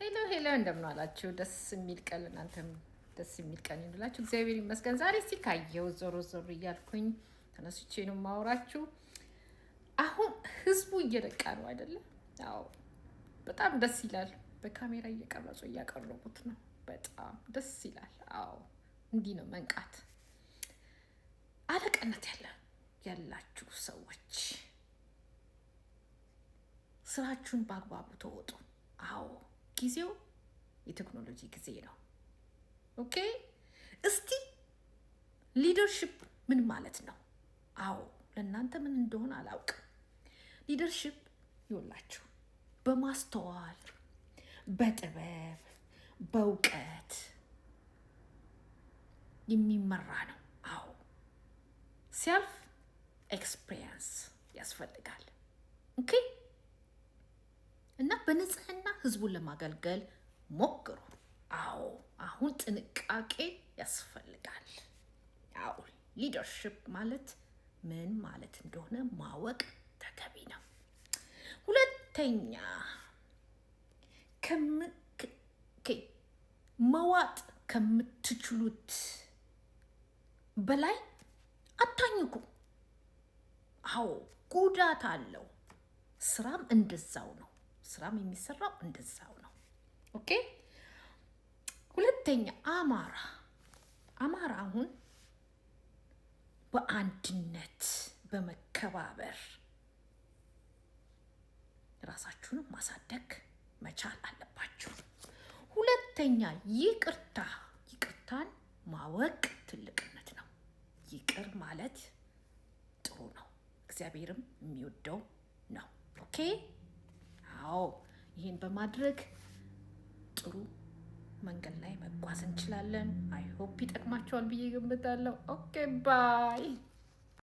ሄሎ ሄሎ፣ እንደምን አላችሁ? ደስ የሚል ቀን እናንተም ደስ የሚል ቀን ይሁንላችሁ። እግዚአብሔር ይመስገን። ዛሬ እስቲ ካየው ዞሮ ዞሮ እያልኩኝ ተነስቼ ነው የማወራችሁ። አሁን ህዝቡ እየነቃ ነው አይደለም? አዎ፣ በጣም ደስ ይላል። በካሜራ እየቀረጹ እያቀረቡት ነው። በጣም ደስ ይላል። አዎ፣ እንዲህ ነው መንቃት። አለቅነት ያለ ያላችሁ ሰዎች ስራችሁን በአግባቡ ተወጡ። አዎ ጊዜው የቴክኖሎጂ ጊዜ ነው። ኦኬ እስቲ ሊደርሽፕ ምን ማለት ነው? አዎ ለእናንተ ምን እንደሆነ አላውቅም። ሊደርሽፕ ይውላችሁ በማስተዋል በጥበብ በእውቀት የሚመራ ነው። አዎ ሲያልፍ ኤክስፒሪየንስ ያስፈልጋል። እና በንጽህና ህዝቡን ለማገልገል ሞክሩ። አዎ አሁን ጥንቃቄ ያስፈልጋል። አዎ ሊደርሽፕ ማለት ምን ማለት እንደሆነ ማወቅ ተገቢ ነው። ሁለተኛ መዋጥ ከምትችሉት በላይ አታኝኩ። አዎ ጉዳት አለው። ስራም እንደዛው ነው። ስራም የሚሰራው እንደዛው ነው። ኦኬ ሁለተኛ አማራ አማራ አሁን በአንድነት በመከባበር ራሳችሁንም ማሳደግ መቻል አለባችሁ። ሁለተኛ ይቅርታ፣ ይቅርታን ማወቅ ትልቅነት ነው። ይቅር ማለት ጥሩ ነው፣ እግዚአብሔርም የሚወደው ነው። ኦኬ አዎ ይህን በማድረግ ጥሩ መንገድ ላይ መጓዝ እንችላለን። አይሆፕ ይጠቅማቸዋል ብዬ ገምታለሁ። ኦኬ ባይ